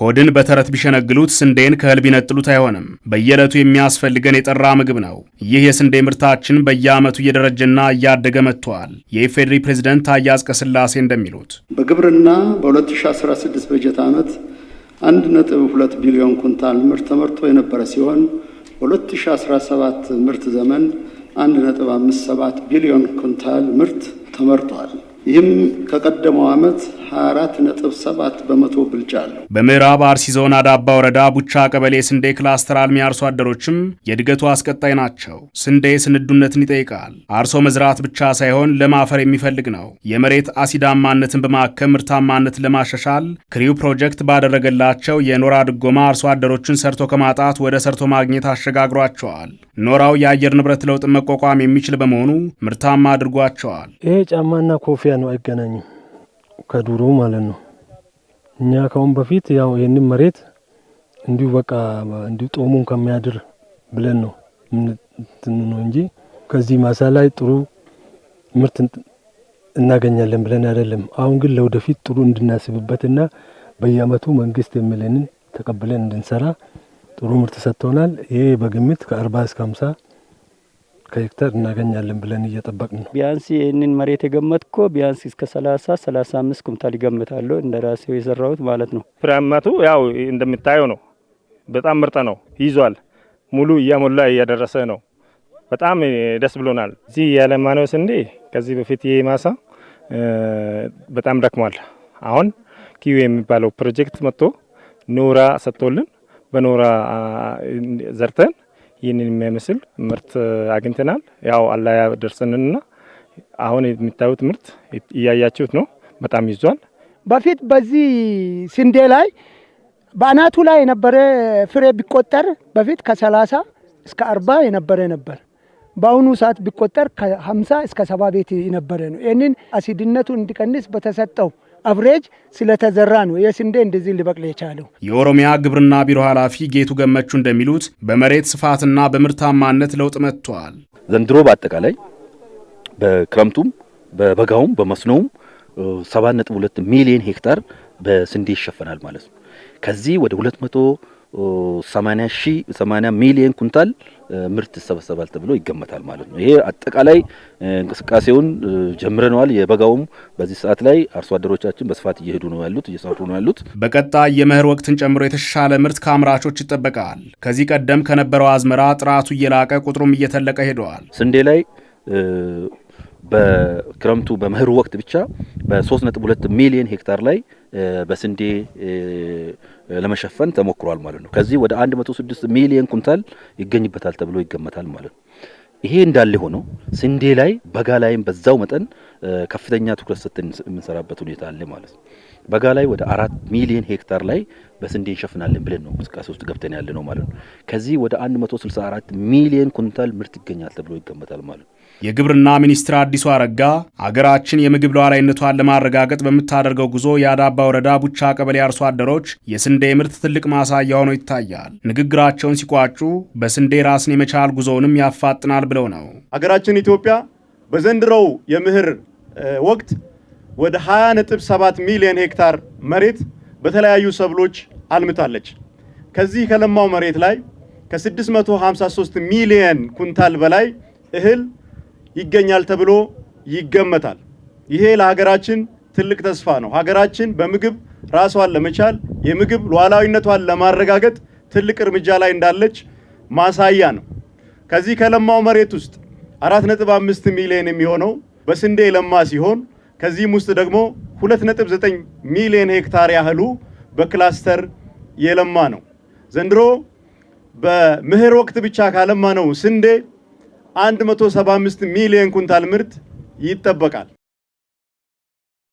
ሆድን በተረት ቢሸነግሉት ስንዴን ከእህል ቢነጥሉት አይሆንም። በየዕለቱ የሚያስፈልገን የጠራ ምግብ ነው። ይህ የስንዴ ምርታችን በየዓመቱ እየደረጀና እያደገ መጥቷል። የኢፌዴሪ ፕሬዚደንት ታዬ አጽቀሥላሴ እንደሚሉት በግብርና በ2016 በጀት ዓመት 1.2 ቢሊዮን ኩንታል ምርት ተመርቶ የነበረ ሲሆን በ2017 ምርት ዘመን 1.57 ቢሊዮን ኩንታል ምርት ተመርቷል። ይህም ከቀደመው ዓመት 24 7 በመቶ ብልጫ አለው። በምዕራብ አርሲ ዞን አዳባ ወረዳ ቡቻ ቀበሌ ስንዴ ክላስተር አልሚ አርሶ አደሮችም የእድገቱ አስቀጣይ ናቸው። ስንዴ ስንዱነትን ይጠይቃል። አርሶ መዝራት ብቻ ሳይሆን ለማፈር የሚፈልግ ነው። የመሬት አሲዳማነትን በማከም ምርታማነት ለማሻሻል ክሪው ፕሮጀክት ባደረገላቸው የኖራ ድጎማ አርሶ አደሮችን ሰርቶ ከማጣት ወደ ሰርቶ ማግኘት አሸጋግሯቸዋል። ኖራው የአየር ንብረት ለውጥ መቋቋም የሚችል በመሆኑ ምርታማ አድርጓቸዋል። ይሄ ጫማና ኮፊያ ነው፣ አይገናኝም ከዱሮ ማለት ነው። እኛ ከአሁን በፊት ያው ይህንን መሬት እንዲሁ በቃ እንዲሁ ጦሙን ከሚያድር ብለን ነው ምንትን ነው እንጂ ከዚህ ማሳ ላይ ጥሩ ምርት እናገኛለን ብለን አይደለም። አሁን ግን ለወደፊት ጥሩ እንድናስብበትና በየአመቱ መንግስት የሚለንን ተቀብለን እንድንሰራ ጥሩ ምርት ሰጥቶናል። ይሄ በግምት ከ40 እስከ 50 ከሄክተር እናገኛለን ብለን እየጠበቅን ነው። ቢያንስ ይህንን መሬት የገመትኮ ቢያንስ እስከ 30 35 ኩንታል ይገምታሉ እንደ ራሴው የሰራሁት ማለት ነው። ፍሬያማቱ ያው እንደምታየው ነው። በጣም ምርጥ ነው ይዟል። ሙሉ እያሞላ እያደረሰ ነው። በጣም ደስ ብሎናል። እዚህ ያለማነው ስንዴ ከዚህ በፊት ይሄ ማሳ በጣም ደክሟል። አሁን ኪዩ የሚባለው ፕሮጀክት መጥቶ ኖራ ሰጥቶልን በኖራ ዘርተን ይህንን የሚያመስል ምርት አግኝተናል። ያው አላያ ደርሰንና አሁን የሚታዩት ምርት እያያችሁት ነው። በጣም ይዟል። በፊት በዚህ ስንዴ ላይ በአናቱ ላይ የነበረ ፍሬ ቢቆጠር በፊት ከሰላሳ እስከ አርባ የነበረ ነበር። በአሁኑ ሰዓት ቢቆጠር ከሀምሳ እስከ ሰባ ቤት የነበረ ነው። ይህንን አሲድነቱ እንዲቀንስ በተሰጠው አብሬጅ ስለተዘራ ነው የስንዴ እንደዚህ ሊበቅል የቻለው። የኦሮሚያ ግብርና ቢሮ ኃላፊ ጌቱ ገመቹ እንደሚሉት በመሬት ስፋትና በምርታማነት ለውጥ መጥቷል። ዘንድሮ በአጠቃላይ በክረምቱም በበጋውም በመስኖውም 7.2 ሚሊዮን ሄክታር በስንዴ ይሸፈናል ማለት ነው። ከዚህ ወደ 200 80 ሚሊዮን ኩንታል ምርት ይሰበሰባል ተብሎ ይገመታል ማለት ነው። ይሄ አጠቃላይ እንቅስቃሴውን ጀምረነዋል። የበጋውም በዚህ ሰዓት ላይ አርሶ አደሮቻችን በስፋት እየሄዱ ነው ያሉት እየሰሩ ነው ያሉት። በቀጣይ የመኸር ወቅትን ጨምሮ የተሻለ ምርት ከአምራቾች ይጠበቃል። ከዚህ ቀደም ከነበረው አዝመራ ጥራቱ እየላቀ ቁጥሩም እየተለቀ ሄደዋል። ስንዴ ላይ በክረምቱ በመኸሩ ወቅት ብቻ በ3.2 ሚሊዮን ሄክታር ላይ በስንዴ ለመሸፈን ተሞክሯል ማለት ነው። ከዚህ ወደ 106 ሚሊዮን ኩንታል ይገኝበታል ተብሎ ይገመታል ማለት ነው። ይሄ እንዳለ ሆኖ ስንዴ ላይ በጋ ላይም በዛው መጠን ከፍተኛ ትኩረት ሰጥተን የምንሰራበት ሁኔታ አለ ማለት ነው። በጋ ላይ ወደ አራት ሚሊዮን ሄክታር ላይ በስንዴ እንሸፍናለን ብለን ነው እንቅስቃሴ ውስጥ ገብተን ያለ ነው ማለት ነው። ከዚህ ወደ 164 ሚሊዮን ኩንታል ምርት ይገኛል ተብሎ ይገመታል ማለት ነው። የግብርና ሚኒስትር አዲሱ አረጋ አገራችን የምግብ ሉዓላዊነቷን ለማረጋገጥ በምታደርገው ጉዞ የአዳባ ወረዳ ቡቻ ቀበሌ አርሶ አደሮች የስንዴ ምርት ትልቅ ማሳያ ሆኖ ይታያል። ንግግራቸውን ሲቋጩ በስንዴ ራስን የመቻል ጉዞውንም ያፋጥናል ብለው ነው። አገራችን ኢትዮጵያ በዘንድሮው የምህር ወቅት ወደ 20.7 ሚሊዮን ሄክታር መሬት በተለያዩ ሰብሎች አልምታለች። ከዚህ ከለማው መሬት ላይ ከ653 ሚሊዮን ኩንታል በላይ እህል ይገኛል ተብሎ ይገመታል። ይሄ ለሀገራችን ትልቅ ተስፋ ነው። ሀገራችን በምግብ ራሷን ለመቻል የምግብ ሉዓላዊነቷን ለማረጋገጥ ትልቅ እርምጃ ላይ እንዳለች ማሳያ ነው። ከዚህ ከለማው መሬት ውስጥ አምስት ሚሊዮን የሚሆነው በስንዴ ለማ ሲሆን ከዚህም ውስጥ ደግሞ 2.9 ሚሊዮን ሄክታር ያህሉ በክላስተር የለማ ነው። ዘንድሮ በምህር ወቅት ብቻ ካለማ ነው ስንዴ 175 ሚሊዮን ኩንታል ምርት ይጠበቃል።